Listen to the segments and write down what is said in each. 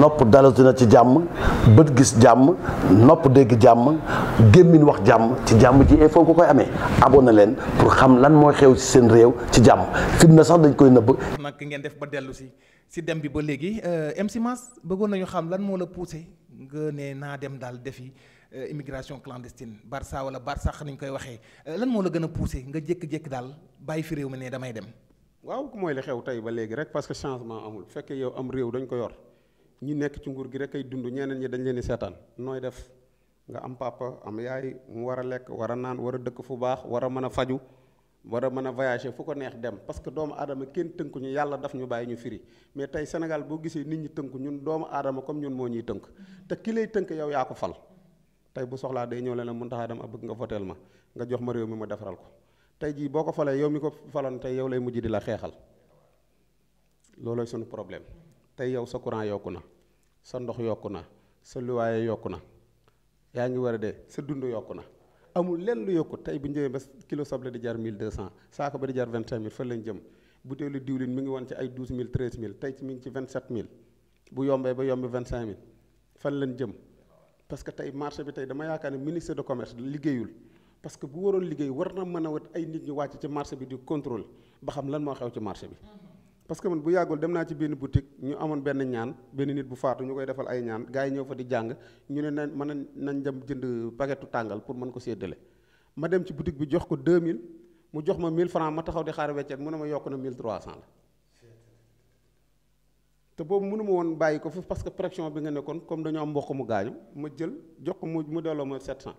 nopp dalatu na ci jàmm bët gis jàmm nopp dégg jàmm gémmiñ wax jàmm ci jàmm ji il faut nga koy amee na leen pour xam lan mooy xew ci seen réew ci jàmm fitna sax dañ koy nëbb nag ngeen def ba dellu si si dem bi ba léegi euh, MC Mass bëggoon nañu xam lan moo la poussé nga ne naa dem daal defi euh, immigration clandestine Barça wala Barça sax nañ koy waxee euh, lan moo la gën a poussé nga jékki-jékki daal bàyyi fi réew mi ne damay dem waaw mooy li xew tey ba léegi rek parce que changement amul fekkee yow am réew dañ ko yor ñu nekk ci nguur gi rek ay dund ñeneen ñi dañ leen di seetaan nooy def nga am papa am yaay mu war a lekk war a naan war a dëkk fu baax war a mën a faju war a mën a voyager fu ko neex dem parce que doomu adama kenn tënku ñu yàlla daf ñu bàyyi ñu firi mais tey Sénégal boo gisee nit ñi tënk ñun doomu aadama comme ñun moo ñuy tënk te ki lay tënk yow yaa ko fal tey bu soxlaa day ñëw leen mun taxaa dem a bëgg nga foteel ma nga jox ma réew mi ma defaral ko tey jii boo ko falee yow mi ko faloon tey yow lay mujj di la xeexal loolooy suñu problème tey yow sa courant yokku na sa ndox yokku na sa luwaaye yokku na yaa ngi war a dee sa dund yokk na amul lenn lu yokk tey bu ñëwee ba kilo soble di jar 1200 saako ba di jar 25000 fa lañ jëm butéelu diwlin mi ngi woon ci ay 12000 13000 tey ci mi ngi ci 27000 bu yombee ba yombi 25000 fan leen jëm parce que tey marché bi tey dama yaakaar ne ministre de commerce liggéeyul parce que bu waroon liggéey war na mën a wat ay nit ñu wàcc ci marché bi di contrôle ba xam lan moo xew ci marché bi. parce que man bu yàggul dem naa ci benn boutique ñu amoon benn ñaan benn nit bu faatu ñu koy defal ay ñaan gars yi ñëw fa di jàng ñu ne na mën na dem jënd paquetu tàngal pour mën ko séddale ma dem ci boutique bi jox ko 2000 mu jox ma 1000 francs ma taxaw di xaar weccet mu ne ma yokk na 1300 la te boobu mënu ma woon bàyyi ko fi parce que pression bi nga nekkoon comme dañoo am mbokk mu gaañu ma jël jox ko mu mu delloo ma 700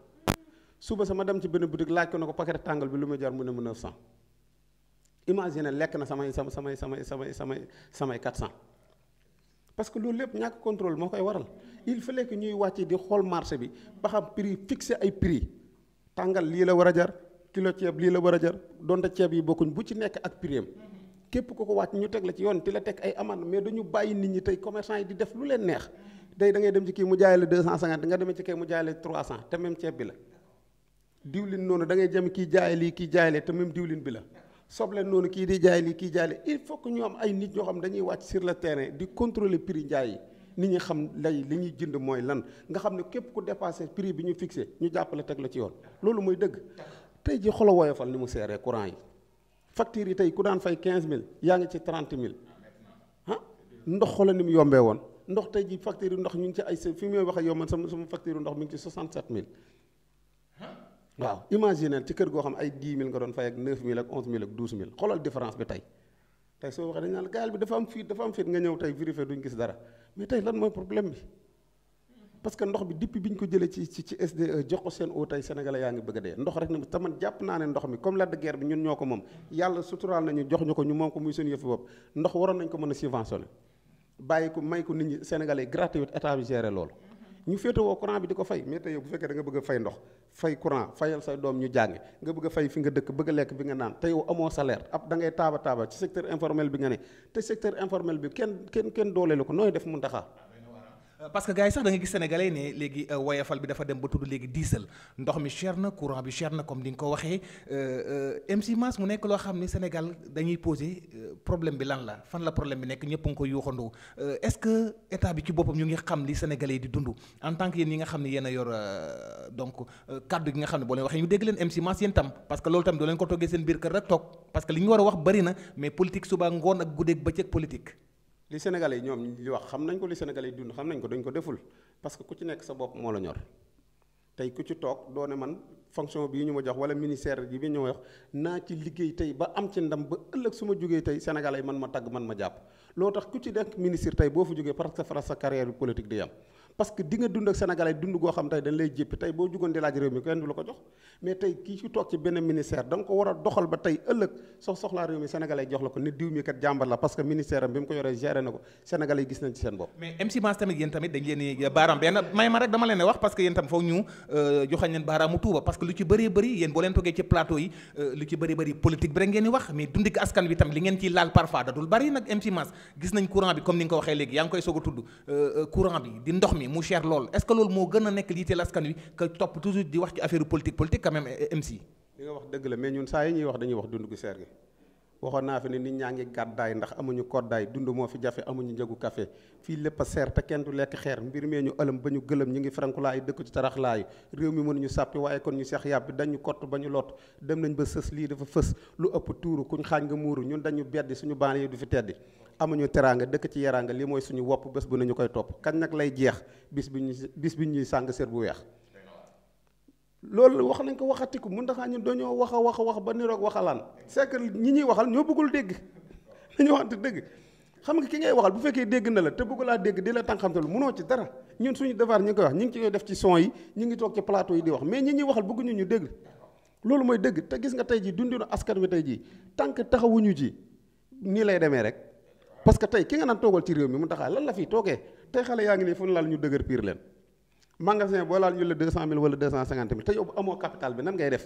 suba sama dem ci benn boutique laaj ko ne ko paquet bi lu ma jar mu ne ma 900 imagine lekk na samay sama samay samay samay samay samay 400 parce que loolu lépp ñàkk contrôle moo koy waral il fa que ñuy wàcc di xool marché bi ba xam prix fixé ay prix tàngal lii la war a jar kilo ceeb lii la war a jar donte ceeb yi bokkuñ bu ci nekk ak prix am képp ku ko wàcc ñu teg la ci yoon ti la teg ay amande mais dañu bàyyi nit ñi tey commerçant yi di def lu leen neex tey da dem ci kii mu jaay la 250 nga demee ci kii mu jaay la 300 te même ceeb bi la diwlin noonu da ngay jëm kii jaay lii kii jaay te même diwlin bi la. soble noonu kii di jaay lii kii jaay lii il faut que ñu am ay nit ñoo xam dañuy wàcc sur le terrain di contrôler prix njaay yi nit ñi xam lay li ñuy jënd mooy lan nga xam ne képp ku dépassé prix bi ñu fixé ñu jàppale teg la ci yoon loolu mooy dëgg tey ji xolo woyofal ni mu seeree courant yi facture yi tey ku daan fay quinze mille yaa ngi ci trente mille ah ndox xolo ni mu yombee woon ndox tey ji facture yu ndox ñu ngi ci ay fi muy wax ak waaw imaginer ci kër goo xam ay 10 000 nga doon fay ak 9 000 ak 11 000 ak 12 000 xoolal différence bi tey tey soo waxee dañ naan gaal bi dafa am fiit dafa am fiit nga ñëw tey vérifier duñ gis dara mais tey lan mooy problème bi parce que ndox bi depuis bi ñu ko jëlee ci ci ci e jox ko seen eau tey sénégalais yaa ngi bëgg dee ndox rek na taman jàpp naa ne ndox mi comme la de guerre bi ñun ñoo ko moom yàlla suturaal nañu jox ñu ko ñu moom ko muy seen yëfu bopp ndox waroon nañ ko mën a subventionné bàyyi ko may ko nit ñi sénégalais gratuit loolu ñu féetewoo courant bi di ko fay mais tey bu fekkee da nga bëgg a fay ndox fay courant fayal say doom ñu jàng nga bëgg a fay fi nga dëkk bëgg lekk bi nga naan te yow amoo saleer ab dangay ngay taaba taaba ci secteur informel bi nga ne te secteur informel bi kenn kenn kenn dooleelu ko nooy def mun taxaa parce que gars yi sax da nga gis sénégalais ne léegi euh, woyafal bi dafa dem ba tudd léegi diisal ndox mi cher na courant bi cher na comme ni nga ko waxee euh, euh, MC Mass mu nekk loo xam ne Sénégal dañuy poser problème bi lan la fan la problème bi nekk ñëpp a ko yuuxandoo est que état bi ci boppam ñu ngi xam li sénégalais di dund en tant que yéen ñi nga xam ne yéen a yor donc kaddu gi nga xam ne boo leen waxee ñu dégg leen MC Mass yéen tam loolu tam doo leen ko toggee seen biir kër rek toog parce li ñu war a wax bari na mais politique suba ngoon ak guddeeg bëccëg politique. li Sénégalais yi ñoom li wax xam nañ ko li Sénégalais yi dund xam nañ ko dañ ko deful parce que ku ci nekk sa bopp moo la ñor tey ku ci toog doo ne man fonction bii ñu ma jox wala ministère yi bi ñu ma jox naa ci liggéey tey ba am ci ndam ba ëllëg su ma jógee tey senegal yi man ma tagg man ma jàpp loo tax ku ci nekk ministre tey boo fa jógee parce que fara sa carrière bi politique di yam parce que di nga dund ak sénégalais dund goo xam tey dañ lay jéppi tey boo jugoon di laaj réew mi kenn du la ko jox mais tey kii ci toog ci benn ministère da ko war a doxal ba tey ëllëg soo soxlaa réew mi sénégalais jox la ko ne diw mi kat jàmbar la parce que ministère am bi ko yoree géré baaraam benn tuuba euh, parce que lu ci bëri bëri yéen boo leen toogee ci plateau yi euh, lu ci bëri bëri politique bi rek ngeen di wax mais dundi gi bi tam li ngeen ni nga ko waxee léegi yaa ngi mu cher lool est-ce que loolu moo gën a nekk yitteel askan wi que topp toujours di wax ci affaire politique politique quand même eh, MC. li nga wax dëgg la mais ñun saa yi ñuy wax dañuy wax dund gu seer gi waxoon naa fi ne nit ñaa ngi gàddaay ndax amuñu koddaay dund moo fi jafe amuñu njëgu café fii lépp a seer te kenn du lekk xeer mbir mee ñu ëlëm ba ñu gëlëm ñu ngi farankulaay dëkk ci taraxlaay réew mi mënuñu sàppi waaye kon ñu seex yàpp bi dañu kott ba ñu lot dem nañ ba sës lii dafa fës lu ëpp tuuru kuñ xaañ nga muuru ñun dañu beddi suñu baan yi du fi teddi amuñu teraanga dëkk ci yaraanga li mooy suñu wopp bés bu nañu koy topp kañ nag lay jeex bis bi ñuy bis bi ñuy sàng sër bu weex loolu wax nañ ko waxatiku mun ndaxaa ñun dañoo wax wax a wax ba niroog waxalaan c'est que ñi ñuy waxal ñoo bëggul dégg dañu waxante dëgg xam nga ki ngay waxal bu fekkee dégg na la te bëgg laa di la tànqamte lu munoo ci dara ñun suñu devoir ñi ngi koy wax ñi ngi ci koy def ci son yi ñi ngi toog ci plateau yi wax mais ñi ñuy waxal bëgguñu ñu dégg loolu mooy dëgg te gis nga tey jii dundu dundinu askan wi tey ji tànk taxawuñu ji nii lay demee rek parce que tey ki nga naan toogal ci réew mi mu taxaa lan la fii toogee tey xale yaa ngi nii fu ñu laal ñu dëgër piir leen magasin boo laal ñu la deux cent mille wala deux cent cinquante mille te yow amoo capital bi nan ngay def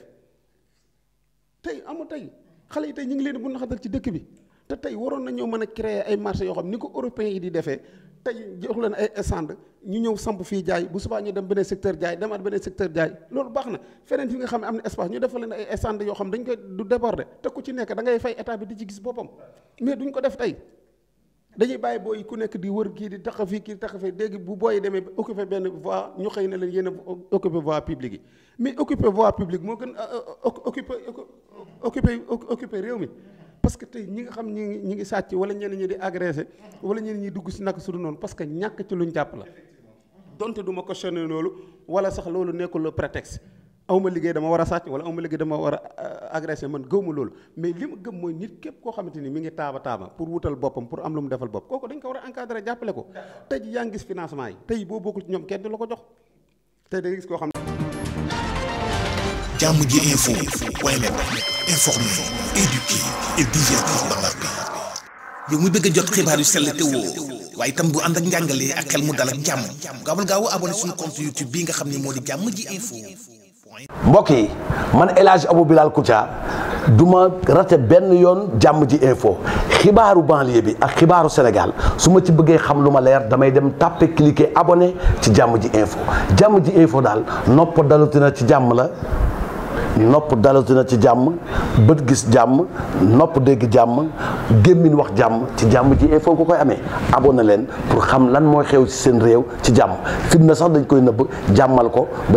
tey amu tey xale yi tey ñu ngi leen bu naxatal ci dëkk bi te tey waroon nañoo mën a créer ay marché yoo xam ni ko européens yi di defee tey jox leen ay stand ñu ñëw samp fii jaay bu subaa ñu dem beneen secteur jaay demaat beneen secteur jaay loolu baax na feneen fi nga xam ne am na espace ñu defal ay stand yoo xam dañ koy du te ku ci nekk ngay fay état bi di ci gis boppam mais duñ ko def tey dañuy bàyyi booy ku nekk di wër kii di tax fii kii tax fii dégg bu booy demee occupé benn voie ñu xëy na leen yéen a occupé voie publique yi mais occupé voie publique moo gën occupé occupé occupé réew mi parce que tey ñi nga xam ñi ñi ngi sàcc wala ñenn ñi di agressé wala ñenn ñi dugg si naka su dul noonu parce que ñàkk ci lu ñu jàpp la donte duma ko questionné loolu wala sax loolu nekkul le prétexte awma liggéey dama war a sàcc wala awma liggéey dama war a euh, agressé man gëwma loolu mais li ma gëm mooy nit képp koo xamante ni mi ngi taaba taaba pour wutal boppam pour am lu mu defal bopp kooku dañ ko war a encadré jàppale ko tey yaa ngi gis financement yi tey boo bokkul ci ñoom kenn du la ko jox tey da nga gis koo xam jàmm ji info point net informer, éduquer et divertir dans la paix yow mi bëgg a jot xibaar yu sell te woo waaye itam bu ànd ak njàngalee ak xel mu dal ak jàmm gaawal gaaw abonné suñu compte bii nga xam ne moo di jàmm ji info mbokk yi man El Hadj bi Bilal Koutia ca duma rate benn yoon jàmm ji info xibaaru banlieue bi ak xibaaru Sénégal su ma ci bëggee xam lu ma leer damay dem tàppe cliquer abone ci jàmm ji info jàmm ji info daal nopp dalutina ci jàmm la nopp dalatina ci jàmm bët gis jàmm nopp dégg jàmm gémmiñ wax jàmm ci jàmm ji info ko koy amee abonné leen pour xam lan mooy xew ci seen réew ci jàmm fitna sax dañ koy nëbb jàmmal ko